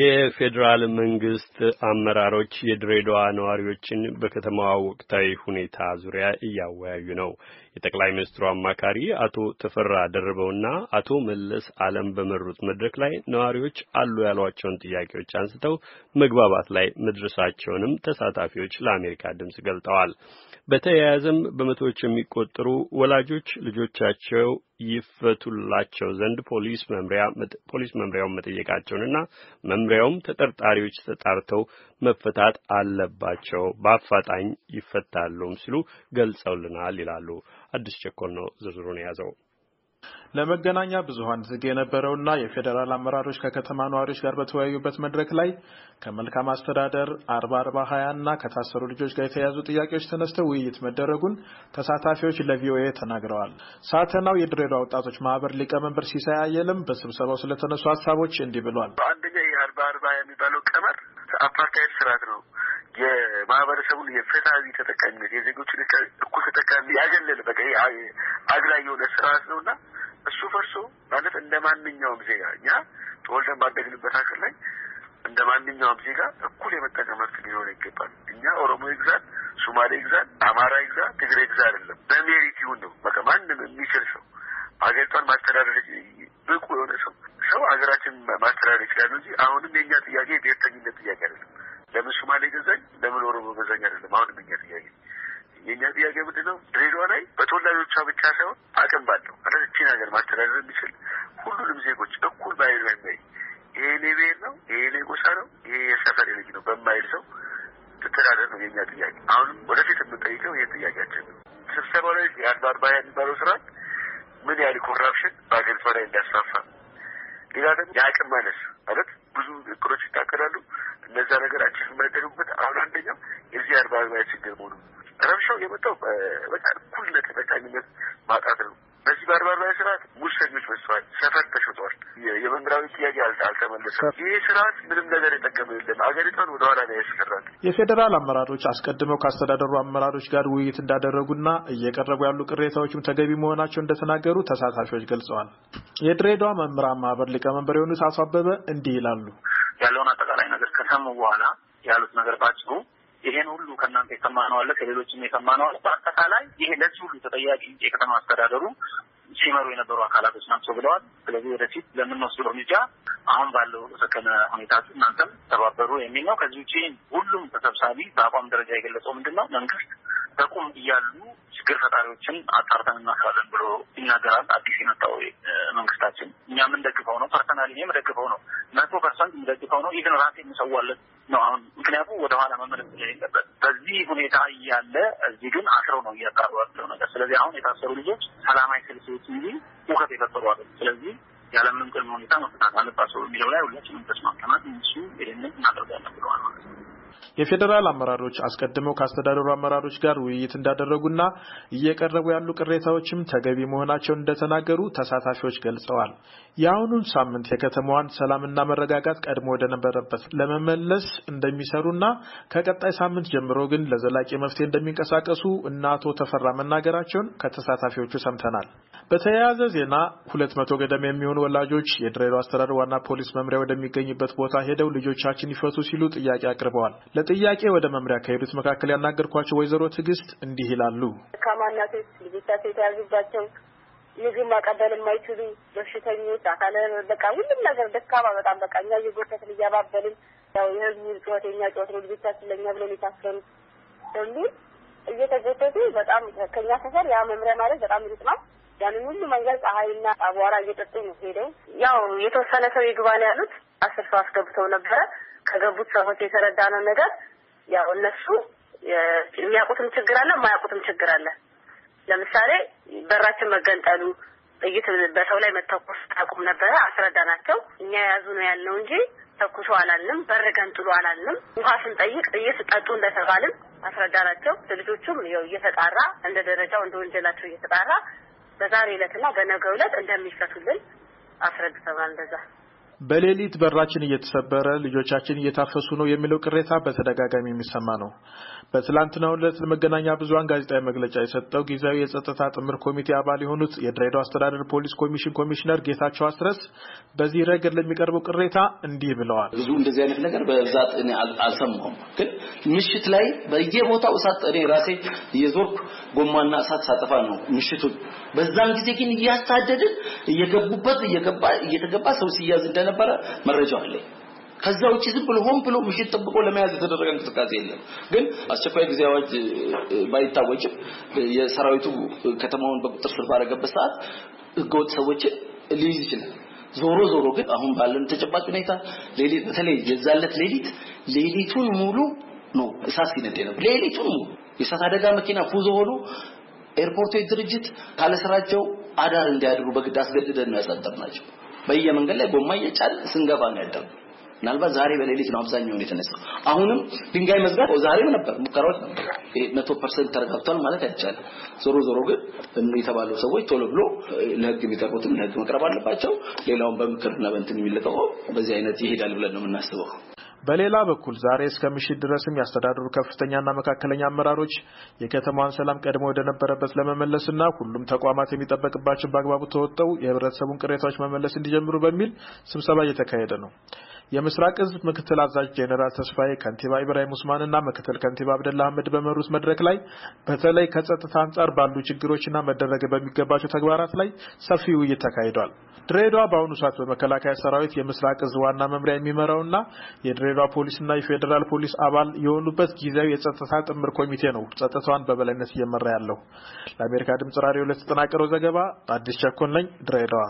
የፌዴራል መንግስት አመራሮች የድሬዳዋ ነዋሪዎችን በከተማዋ ወቅታዊ ሁኔታ ዙሪያ እያወያዩ ነው። የጠቅላይ ሚኒስትሩ አማካሪ አቶ ተፈራ ደርበውና አቶ መለስ አለም በመሩት መድረክ ላይ ነዋሪዎች አሉ ያሏቸውን ጥያቄዎች አንስተው መግባባት ላይ መድረሳቸውንም ተሳታፊዎች ለአሜሪካ ድምጽ ገልጠዋል። በተያያዘም በመቶዎች የሚቆጠሩ ወላጆች ልጆቻቸው ይፈቱላቸው ዘንድ ፖሊስ መምሪያ ፖሊስ መምሪያውን መጠየቃቸውንና መምሪያውም ተጠርጣሪዎች ተጣርተው መፈታት አለባቸው፣ በአፋጣኝ ይፈታሉም ሲሉ ገልጸውልናል ይላሉ። አዲስ ቸኮል ነው ዝርዝሩን የያዘው። ለመገናኛ ብዙኃን ዝግ የነበረውና የፌዴራል አመራሮች ከከተማ ነዋሪዎች ጋር በተወያዩበት መድረክ ላይ ከመልካም አስተዳደር አርባ አርባ ሀያ እና ከታሰሩ ልጆች ጋር የተያያዙ ጥያቄዎች ተነስተው ውይይት መደረጉን ተሳታፊዎች ለቪኦኤ ተናግረዋል። ሳተናው የድሬዳዋ ወጣቶች ማህበር ሊቀመንበር ሲሳይ አየለም በስብሰባው ስለተነሱ ሀሳቦች እንዲህ ብሏል። አንደኛ አርባ የሚባለው ቀመር አፓርታይድ ስርዓት ነው። የማህበረሰቡን የፍትሃዊ ተጠቃሚነት የዜጎችን እኩል ተጠቃሚ ያገለለ በቃ አግላይ የሆነ ስርዓት ነው እና እሱ ፈርሶ ማለት እንደ ማንኛውም ዜጋ እኛ ተወልደን ባደግንበት ሀገር ላይ እንደ ማንኛውም ዜጋ እኩል የመጠቀም መብት ሊኖር ይገባል። እኛ ኦሮሞ ይግዛል፣ ሱማሌ ይግዛል፣ አማራ ይግዛ፣ ትግሬ ይግዛ አይደለም። በሜሪት ይሁን ነው በቃ ማንም የሚችል ሰው ሀገሪቷን ማስተዳደር ብቁ የሆነ ሰው ሰው ሀገራችን ማስተዳደር ይችላሉ እንጂ አሁንም የኛ ጥያቄ ብሔርተኝነት ጥያቄ አይደለም። ለምን ሶማሌ ገዛኝ፣ ለምን ኦሮሞ ገዛኝ አይደለም። አሁንም የኛ ጥያቄ የኛ ጥያቄ ምንድን ነው? ድሬዳዋ ላይ በተወላጆቿ ብቻ ሳይሆን አቅም ባለው ረችን ሀገር ማስተዳደር የሚችል ሁሉንም ዜጎች እኩል ባይሉ ይመይ ይሄ እኔ ብሔር ነው፣ ይሄ እኔ ጎሳ ነው፣ ይሄ የሰፈር ልጅ ነው በማይል ሰው ትተዳደር ነው የኛ ጥያቄ። አሁንም ወደፊት የምንጠይቀው ይሄ ጥያቄያችን ነው። ስብሰባ ላይ የአድባርባያ የሚባል ሌላ ደግሞ የአቅም ማነስ ማለት ብዙ እቅዶች ይታከላሉ። እነዛ ነገር አጭር የማይደረጉበት አሁን አንደኛው የዚህ አርባ አርባያ ችግር መሆኑ ረብሻው የመጣው በቃ እኩልነት ተጠቃሚነት ማጣት ነው። በዚህ በአርባ አርባያ ስርዓት ሙሰኞች መስተዋል፣ ሰፈር ተሸጠዋል። የመምህራዊ ጥያቄ አልተመለሰም። ይህ ስርዓት ምንም ነገር የጠቀመ የለም። አገሪቷን ወደኋላ ነው ያስቀራል። የፌዴራል አመራሮች አስቀድመው ከአስተዳደሩ አመራሮች ጋር ውይይት እንዳደረጉና እየቀረቡ ያሉ ቅሬታዎችም ተገቢ መሆናቸው እንደተናገሩ ተሳታፊዎች ገልጸዋል። የድሬዳዋ መምህራን ማህበር ሊቀመንበር የሆኑት አቶ አበበ እንዲህ ይላሉ። ያለውን አጠቃላይ ነገር ከሰሙ በኋላ ያሉት ነገር ባጭሩ ይሄን ሁሉ ከእናንተ የሰማነው አለ፣ ከሌሎችም የሰማነው አለ። በአጠቃላይ ይሄ ለዚህ ሁሉ ተጠያቂ የከተማ አስተዳደሩ ሲመሩ የነበሩ አካላቶች ናቸው ብለዋል። ስለዚህ ወደፊት ለምንወስደው እርምጃ አሁን ባለው ሰከነ ሁኔታ እናንተም ተባበሩ የሚል ነው። ከዚህ ውጭ ሁሉም ተሰብሳቢ በአቋም ደረጃ የገለጸው ምንድን ነው መንግስት በቁም እያሉ ችግር ፈጣሪዎችን አጣርተን እናስራለን ብሎ ይናገራል። አዲስ የመጣው መንግስታችን እኛ የምንደግፈው ነው። ፐርሰናል የምደግፈው ነው። መቶ ፐርሰንት የምደግፈው ነው። ኢቨን ራሴ የምሰዋለት ነው አሁን ምክንያቱም ወደኋላ መመለስ የሌለበት በዚህ ሁኔታ እያለ እዚህ ግን አስረው ነው እያጣሩ ያለው ነገር። ስለዚህ አሁን የታሰሩ ልጆች ሰላማዊ ሰልፎች እንጂ ሁከት የፈጠሩ አለ። ስለዚህ ያለምንም ቅድመ ሁኔታ መፍታት አለባቸው የሚለው ላይ ሁላችንም ተስማምተናል። እሱ ይህንን እናደርጋለን ብለዋል ማለት ነው። የፌዴራል አመራሮች አስቀድመው ከአስተዳደሩ አመራሮች ጋር ውይይት እንዳደረጉና እየቀረቡ ያሉ ቅሬታዎችም ተገቢ መሆናቸውን እንደተናገሩ ተሳታፊዎች ገልጸዋል። የአሁኑን ሳምንት የከተማዋን ሰላምና መረጋጋት ቀድሞ ወደነበረበት ለመመለስ እንደሚሰሩና ከቀጣይ ሳምንት ጀምሮ ግን ለዘላቂ መፍትሄ እንደሚንቀሳቀሱ እና አቶ ተፈራ መናገራቸውን ከተሳታፊዎቹ ሰምተናል። በተያያዘ ዜና ሁለት መቶ ገደማ የሚሆኑ ወላጆች የድሬዳዋ አስተዳደር ዋና ፖሊስ መምሪያ ወደሚገኝበት ቦታ ሄደው ልጆቻችን ይፈቱ ሲሉ ጥያቄ አቅርበዋል። ለጥያቄ ወደ መምሪያ ከሄዱት መካከል ያናገርኳቸው ወይዘሮ ትዕግስት እንዲህ ይላሉ። ደካማና ሴት ልጆቻቸው የተያዙባቸው ምግብ ማቀበል የማይችሉ በሽተኞች፣ አካለ በቃ ሁሉም ነገር ደካማ በጣም በቃ እኛ ዜጎቻችን እያባበልን ያው የህዝቡ ጩኸት የኛ ጩኸት ነው ልጆቻችን ለእኛ ብለን የታሰሩ ሁሉ እየተጎተቱ በጣም ከኛ ሰፈር ያ መምሪያ ማለት በጣም ሩቅ ነው። ያንን ሁሉ መንገድ ፀሐይና አቧራ እየጠጡ ነው ሄደው ያው የተወሰነ ሰው ይግባ ነው ያሉት። አስር ሰው አስገብተው ነበረ ከገቡት ሰዎች የተረዳነው ነገር ያው እነሱ የሚያውቁትም ችግር አለ፣ የማያውቁትም ችግር አለ። ለምሳሌ በራችን መገንጠሉ፣ ጥይት በሰው ላይ መተኮስ አቁም ነበረ አስረዳናቸው። እኛ የያዙ ነው ያልነው እንጂ ተኩሶ አላልንም፣ በር ገንጥሎ አላልንም። ውሃ ስንጠይቅ ጥይት ጠጡ እንደተባልን አስረዳናቸው። ልጆቹም ያው እየተጣራ እንደ ደረጃው እንደ ወንጀላቸው እየተጣራ በዛሬ ዕለትና በነገ ዕለት እንደሚፈቱልን አስረድተናል። እንደዛ በሌሊት በራችን እየተሰበረ ልጆቻችን እየታፈሱ ነው የሚለው ቅሬታ በተደጋጋሚ የሚሰማ ነው። በትላንትናው ዕለት ለመገናኛ ብዙኃን ጋዜጣዊ መግለጫ የሰጠው ጊዜያዊ የጸጥታ ጥምር ኮሚቴ አባል የሆኑት የድሬዳዋ አስተዳደር ፖሊስ ኮሚሽን ኮሚሽነር ጌታቸው አስረስ በዚህ ረገድ ለሚቀርበው ቅሬታ እንዲህ ብለዋል። ብዙ እንደዚህ አይነት ነገር በብዛት እኔ አልሰማሁም፣ ግን ምሽት ላይ በየቦታው እሳት እኔ ራሴ የዞርኩ ጎማና እሳት ሳጠፋ ነው ምሽቱን። በዛን ጊዜ ግን እያሳደድን እየገቡበት እየገባ እየተገባ ሰው ሲያዝ እንደነበረ መረጃው አለኝ። ከዛ ውጪ ዝም ብሎ ሆን ብሎ ምሽት ጠብቆ ለመያዝ የተደረገ እንቅስቃሴ የለም። ግን አስቸኳይ ጊዜ አዋጅ ባይታወጅም የሰራዊቱ ከተማውን በቁጥር ስር ባደረገበት ሰዓት ህገወጥ ሰዎችን ሊይዝ ይችላል። ዞሮ ዞሮ ግን አሁን ባለን ተጨባጭ ሁኔታ ሌሊት በተለይ የዛለት ሌሊት ሌሊቱን ሙሉ ነው እሳት ሲነድ ነው። ሌሊቱን ሙሉ የእሳት አደጋ መኪና ፉዞ ሆኖ ኤርፖርቶች ድርጅት ካለስራቸው አዳር እንዲያድሩ በግድ አስገድደን ነው ያሳጠርናቸው። በየመንገድ ላይ ጎማ እየጫን ስንገባ ነው ያደርነው። ምናልባት ዛሬ በሌሊት ነው አብዛኛውን የተነሳው። አሁንም ድንጋይ መዝጋት ዛሬም ነበር ሙከራዎች ነበር። መቶ ፐርሰንት ተረጋግቷል ማለት አይቻልም። ዞሮ ዞሮ ግን የተባሉ ሰዎች ቶሎ ብሎ ለህግ የሚቀርቡትም ለህግ መቅረብ አለባቸው። ሌላውን በምክርና በእንትን የሚለቀው በዚህ አይነት ይሄዳል ብለን ነው የምናስበው። በሌላ በኩል ዛሬ እስከ ምሽት ድረስም ያስተዳደሩ ከፍተኛና መካከለኛ አመራሮች የከተማዋን ሰላም ቀድሞ ወደነበረበት ለመመለስና ሁሉም ተቋማት የሚጠበቅባቸው በአግባቡ ተወጠው የህብረተሰቡን ቅሬታዎች መመለስ እንዲጀምሩ በሚል ስብሰባ እየተካሄደ ነው። የምስራቅ እዝ ምክትል አዛዥ ጄኔራል ተስፋዬ ከንቲባ ኢብራሂም ኡስማንና ምክትል ከንቲባ አብደላ አህመድ በመሩት መድረክ ላይ በተለይ ከጸጥታ አንጻር ባሉ ችግሮችና መደረግ በሚገባቸው ተግባራት ላይ ሰፊ ውይይት ተካሂዷል። ድሬዳዋ በአሁኑ ሰዓት በመከላከያ ሰራዊት የምስራቅ እዝ ዋና መምሪያ የሚመራውና የድሬዳዋ ፖሊስና የፌዴራል ፖሊስ አባል የሆኑበት ጊዜያዊ የጸጥታ ጥምር ኮሚቴ ነው ጸጥታዋን በበላይነት እየመራ ያለው። ለአሜሪካ ድምጽ ራዲዮ ለተጠናቀረው ዘገባ አዲስ ቸኮን ነኝ ድሬዳዋ።